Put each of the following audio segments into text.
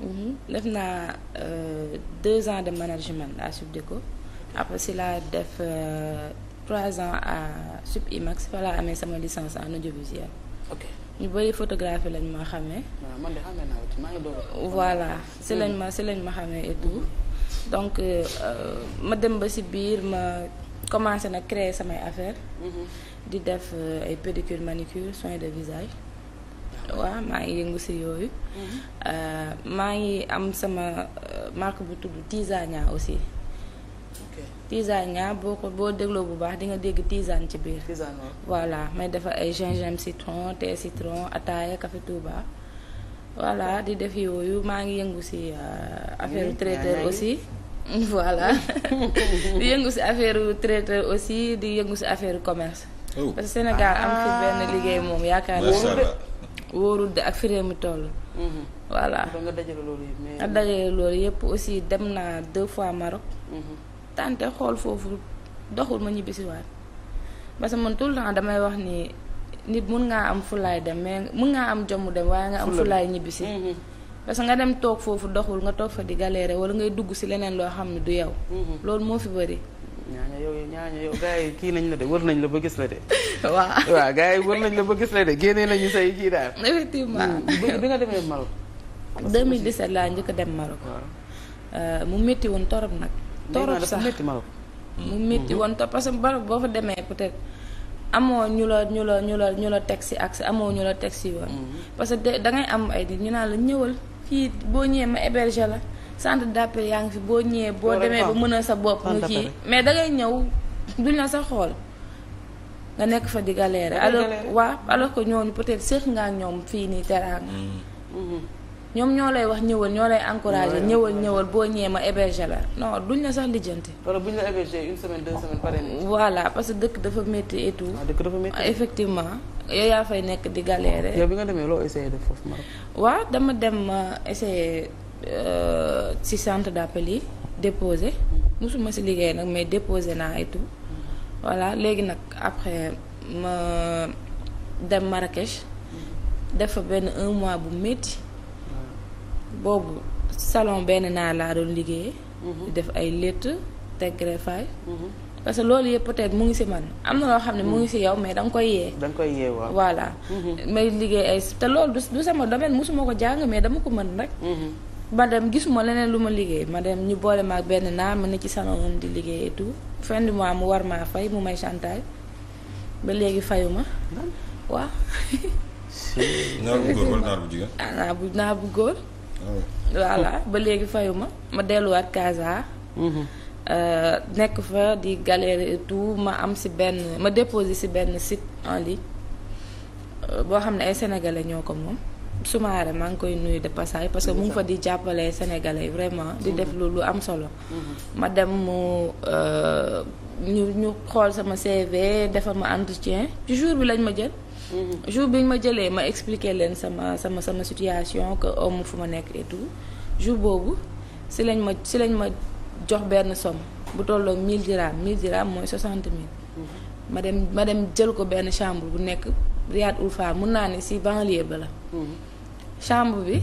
Mm-hmm. def naa euh, deux ans de management à Subdeco après si laa def euh, trois ans à Subimax fa laa amee sama licence en audiovisuel. ok ñu bëri photographie lañ ma xamee. waaw man de xamee voilà si lañ mm-hmm. ma si lañ ma xamee et donc euh, ma dem ba si biir ma commencé nag créer samay affaire mm-hmm. di def ay pédicure manicure soins de visage. waaw maa ngi yëngu si yooyu. Mm-hmm. Euh, maa ngi am sama euh, marque bu tudd Tisania aussi. tisane boo ko boo dégloo bu baax di nga dégg tisane ci biir. tisane voilà may defar ay gingembre citron thé citron ataaya café touba. voilà di def yooyu maa ngi yëngu si euh, affaire mm-hmm. traiteur aussi. voilà di yëngu si affaire traiteur aussi di yëngu si affaire commerce. Oh. parce que Sénégal am fi benn ah. liggéey moom yaakaar wóorul de ak fi réew mi toll. Mhm. voilà ba nga dajale loolu yëpp mais. nga dajale loolu yëpp aussi dem naa deux fois Maroc. Mhm. tante xool foofu doxul ma ñibbisiwaat parce que man tout le temps damay wax ni nit mun ngaa am fulaay dem mais mun ngaa am jommu dem waaye nga am fulaay ñibbisi. Mhm. parce que nga dem toog foofu doxul nga toog fa di galérer wala ngay dugg si leneen loo xam ne du yow. loolu moo fi bëri. ñaaña yow ñaaña yow gars yi kii nañ la de wër nañ la ba gis la de. waaw waaw gars yi wër nañ la ba gis la de génnee nañu say kii daal. effectivement hmm. bi nga demee Maroc. 2017 laa njëkk a dem ko euh, mu métti woon torob nag. torop sax métti Maroc. mu métti woon torop parce que Maroc boo fa demee peut-être. amoo ñu la ñu la ñu la ñu la teg si accès amoo ñu la teg si yoon. Hmm. parce que da ngay am ay nit ñu naan la ñëwal fii boo ñëwee ma héberger la. centre d'appel yaa ngi fi boo ñëwee boo demee ba mën a sa bopp nga kii mais da ngay ñëw duñ la sa xool nga nekk fa di galère alors waa alors que ñooñu peut-être séq nga ñoom fii nii teraanga mm. mm-hmm. ñoom ñoo lay wax ñëwal ñoo lay encourager ñëwal boo ñëwee ma héberger la non duñ la sax lijjanti. wala buñ la héberger une semaine deux semaines pare voilà parce que dëkk dafa métti et tout. Ah, dëkk dafa métti ah, effectivement. yow yaa fay nekk di galérer. yow bi nga demee foofu Maroc. waaw dama dem euh, essayé si euh, centre d'appel yi déposé mosuma si liggéey nag mais déposé naa et tout voilà léegi nag après ma dem Marrakech def fa benn un mois bu métti boobu salon benn naa laa doon liggéeyee mhm. def ay létt teg greffage mhm. parce que loolu yëpp peut-être mu ngi ci man am na loo xam ne mu ngi ci yow mais da nga koy yee. da koy yee waaw voilà. Mhm. may liggéey ay te loolu du sama domaine mosuma ko jàng mais dama ko mën rek. ma dem gisuma leneen lu ma liggéey ma dem ñu boole ma ak benn naar ma ne ci salon di liggéey et tout fin mois mu war maa fay mu may chantage ba léegi fayuma waa naar bu góor ah, naar bu góor. Ah voilà ba léegi fayuma ma delluwaat Casa. Mhm. Euh, nekk fa di galère tout ma am si benn ma déposé si benn site en ligne euh, boo xam ne ay sénégalais ñoo ko moom. Soumaré maa ngi koy nuyu de passage parce que mu ngi fa di jàppale sénégalais vraiment di def lu lu am solo ma dem mu euh, ñu ñu xool sama CV defal ma entretien ci jour bi lañ ma jël jour bi ñu ma jëlee ma expliquer leen sama sama sama situation que homme fu ma nekk et tout jour boobu si lañ ma si lañ ma jox benn somme bu tolloo 1000 dirham 1000 dirham mooy 60 000 ma dem ma dem jël ko benn chambre bu nekk Riyad Ulfa mun naa ne si banlieue ba la chambre bi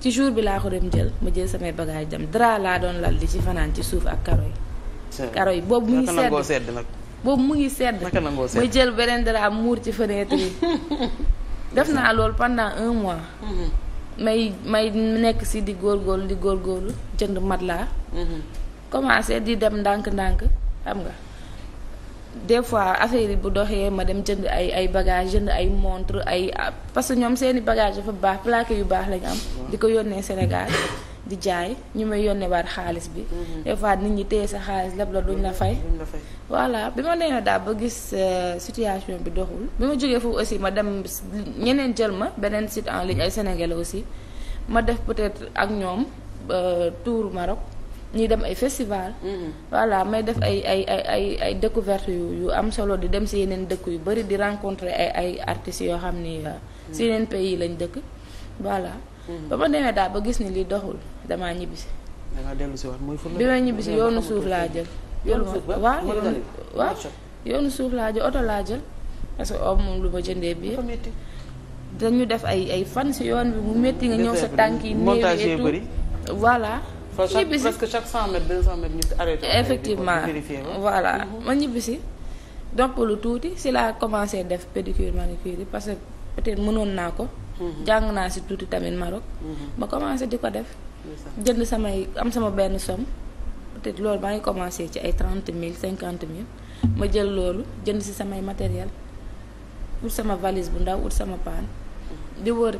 ci jour bi laa ko dem jël ma jël samay bagage dem dara laa doon lal di ci fanaan ci suuf ak karo yi. karo yi boobu mu ngi sedd boobu mu ngi sedd. naka nangoo ma jël beneen dara muur ci fenêtre yi. def naa loolu pendant un mois. Mm-hmm. may may nekk si di góorgóorlu di góor góorlu jënd matelas. Mm-hmm. commencé di dem ndànk-ndànk xam nga. des fois affaire yi bu doxee ma dem jënd ay ay bagages jënd ay montre ay parce que ñoom seeni bagage dafa baax plaqué yu baax lañu am. Mm-hmm. di ko yónnee Sénégal di jaay ñu may yónnee waat xaalis bi. Mm-hmm. des fois nit ñi téye sa xaalis lépp la duñ la fay. voilà bi ma nee daal ba gis euh, situation bi doxul. bi ma jógee foofu aussi ma dem ñeneen jël ma beneen sit en ligne ay sénégalais aussi ma def peut-être ak ñoom euh, tour Maroc. ñuy dem ay festival mm-hmm. voilà may def ay ay ay ay ay découverte yu yu am solo di dem si yeneen dëkk yu bëri di rencontrer ay ay artistes yoo xam ni euh, si mm-hmm. yeneen pays lañ dëkk voilà mm-hmm. ba ma demee daal ba gis ni li doxul damaa ñibbisi dellu si waat mooy fu bi ma ñibbisi yoonu suuf laa jël yoonu suuf waaw waaw laa jël oto laa jël parce que om moom lu ma jëndee bi dañu def ay ay fan si yoon bi mu métti nga ñëw sa tànk yi néew et tout fa chaque presque chaque 100 mètres 200 mètres ñu arrêté. effectivement voilà mm-hmm. ma ñibbisi. donc lu tuuti si laa commencé def pédicure manucure yi parce que peut-être mënoon naa ko. Mm-hmm. jàng naa si tuuti tamit Maroc. Mm-hmm. ma commencé di ko def. jënd samay am sama benn somme. peut loolu maa ngi commencé ci ay trente mille cinquante mille ma jël loolu jënd si samay matériel ut sama valise bu ndaw ut sama paan di wër.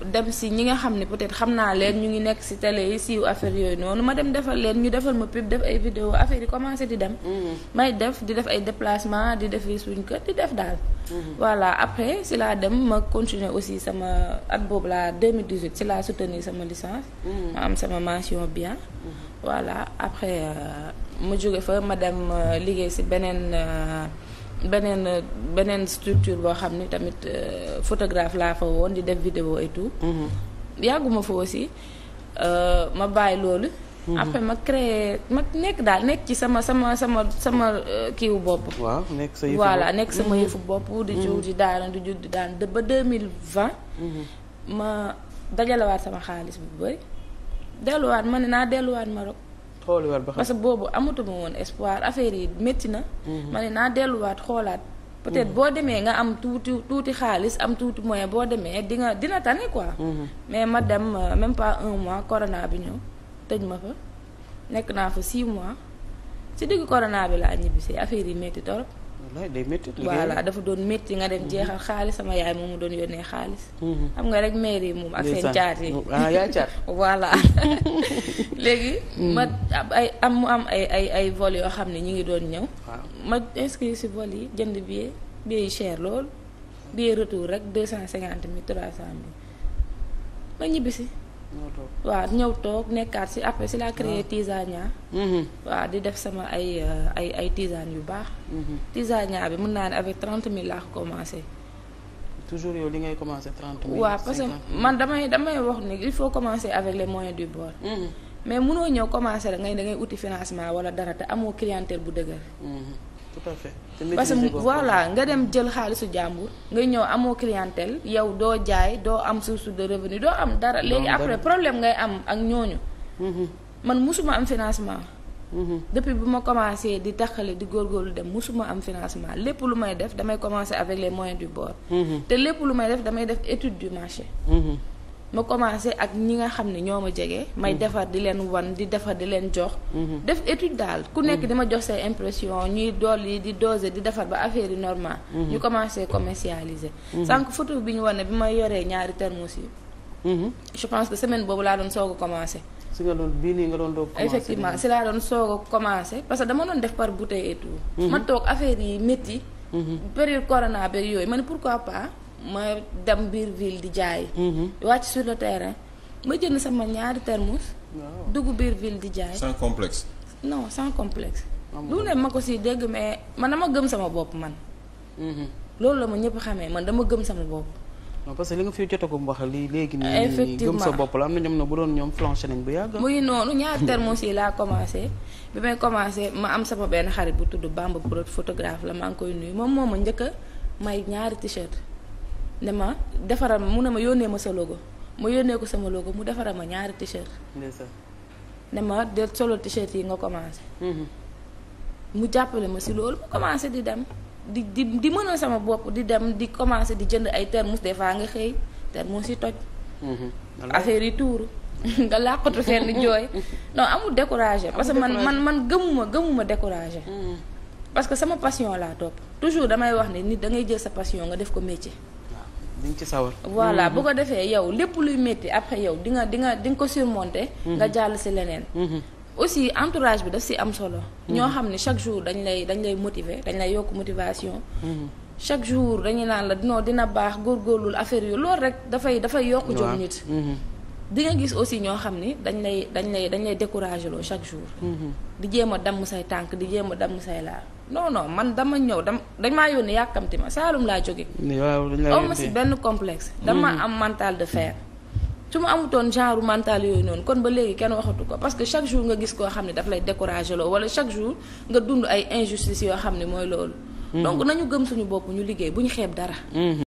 dem si ñi nga xam ne peut-être xam naa leen ñu ngi nekk si télé yi siiw affaire yooyu noonu ma dem defal leen ñu defal ma pub def ay vidéo affaire yi commencé di dem. Mm-hmm. may def di def ay déplacement di def suñ kër di def daal. Mm-hmm. voilà après si laa dem ma continuer aussi sama at boobu laa 2018 si laa soutenir sama licence. Mm-hmm. ma am sama mention bien. voilà après euh, ma jóge fa ma dem euh, liggéey si beneen. Euh, beneen beneen structure boo xam ni tamit euh, photographe laa fa woon di def vidéo et tout. Mhm. yàgguma fa aussi euh, ma bàyyi loolu. Mhm. après ma créé ma nekk daal nekk ci sama sama sama sama euh, kiiwu bopp. waaw nekk sa yëfu bopp voilà nekk sama mhm. yëfu bopp. di jiw di daana di jiw di daan ba deux mille vingt. ma dajalewaat sama xaalis bu bëri. delluwaat ma ne naa delluwaat Maroc. xooliwaat ba parce que boobu amatuma woon espoir affaire yi métti na. Mhm. ma ne naa delluwaat xoolaat. peut-être mhm. boo demee nga am tuuti tuuti xaalis am tuuti moyen boo demee di nga dina tane quoi. Mhm. mais ma dem euh, même pas un mois corona bi ñëw tëj ma fa nekk naa fa six mois ci diggu corona bi laa ñibbisee affaire yi métti torop day voilà dafa doon métti nga dem jeexal xaalis sama yaay moom mu doon yónnee xaalis. Mhm. xam nga rek maire yi moom ak seen caat yi. ah yaa caat. voilà léegi. Mhm. ma am ay am mu am ay ay ay vol yoo xam ne ñu ngi doon ñëw. ma inscrit si vol yi jënd billet billet yi cher lool billet retour rek deux cent cinquante mille trois cent mille ma ñibbisi. waaw ñëw toog nekkaat si après si la ah. créé tisania mhm. waaw di def sama ay euh, ay ay tisane yu baax mhm. tisania bi mun naa ne avec trente mille laa ko commencé toujours yow li ngay commencé trente mille waaw parce que man damay damay wax ni il faut commencer avec les moyens du bord mhm. mais munoo ñëw commencé rek ngay da ngay uti financement wala dara te amoo clientèle bu dëgër tout à que voilà nga dem jël xaalisu jàmbur ngay ñëw amoo clientèle yow doo jaay doo am source de revenu doo am dara léegi après problème ngay am ak ñooñu mm-hmm. man mosuma am financement mm-hmm. depuis bu ma commencé di taxale di góor góorgóorlu dem musuma am financement lépp lu may def damay commencer avec les moyens du bord mm-hmm. te lépp lu may def damay def étude du marché ma commencé ak ñi nga xam ne ñoo ma jege. may mm-hmm. defar di leen wan di defar di leen jox. Mm-hmm. def étude daal ku nekk mm-hmm. di ma jox say impression ñuy dolli di doser di defar ba affaire yi normal. ñu commencé commercialiser. sànq foto bi ñu wane bi ma yoree ñaari thermos yi. je pense que semaine boobu laa doon soog a commencé. si nga doon bii nii nga doon doog commencé effectivement si laa doon soog a parce que dama doon def par bouteille et ma toog affaire yi métti. période corona beeg yooyu ma ne pourquoi pas. ma dem biir ville di jaay. Mhm. wàcc sur le terrain ma jënd sama ñaari thermos. dugg biir ville di jaay. sans complexe. non sans complexe. lu ne ma ko si dégg mais man dama gëm sama bopp man. Mhm. loolu la ma ñëpp xamee man dama gëm sama bopp. non parce que li nga fi jotagum wax lii léegi. nii gëm sa bopp la am na ñoom na bu doon ñoom flanché nañ bu yàgg. muy noonu ñaari thermos yi laa commencé bi may commencé ma am sama benn xarit bu tudd Bamba Prod photographe la maa ngi koy nuyu moom moo ma njëkk a may ñaari t-shirt. ne ma defaral mu ne ma yónnee ma sa logo ma yónnee ko sama logo mu defaral ma ñaari t-shirt. ne ma de solo t-shirt yi nga commencé. Mhm. mu jàppale ma si loolu mu commencé di dem di di di mënal sama bopp di dem di commencé di jënd ay termes des fois nga xëy te termes yi toj. Mhm. affaire yi tuuru. nga làqatu fenn jooy non amul découragé parce que man man man gëmuma gëmuma découragé mhm. parce que sama passion laa topp toujours damay wax ne nit da ngay jël sa passion nga def ko métier diñ ci sawar. voilà mhm. bu ko defee yow lépp luy métti après yow di nga di nga di nga ko surmonter. Mhm. nga jàll si leneen. Mhm. aussi entourage bi daf si am solo. ñoo xam ne chaque jour dañu lay dañ lay motiver dañ lay yokk motivation. chaque jour dañu naan la non dina baax góorgóorlul affaire yu lool rek dafay dafay yokk jom nit. di nga gis aussi ñoo xam ni dañ lay dañ lay dañ lay décourager loo chaque jour. di jéem a damm say tànk di jéem a damm say laal. non no man dama ñëw dama dañ maa yónni yàkkamti ma Saalum laa jóge waaw ma si benn complexe. dama hmm. am mental de fer. su ma amutoon genre mental yooyu noonu kon ba léegi kenn waxatu ko parce que chaque jour nga gis koo xam ne daf lay décourager loo wala chaque jour nga dund ay injustice yoo xam ne mooy loolu. Hmm. donc nañu gëm suñu bopp ñu liggéey bu ñu xeeb dara. Hmm.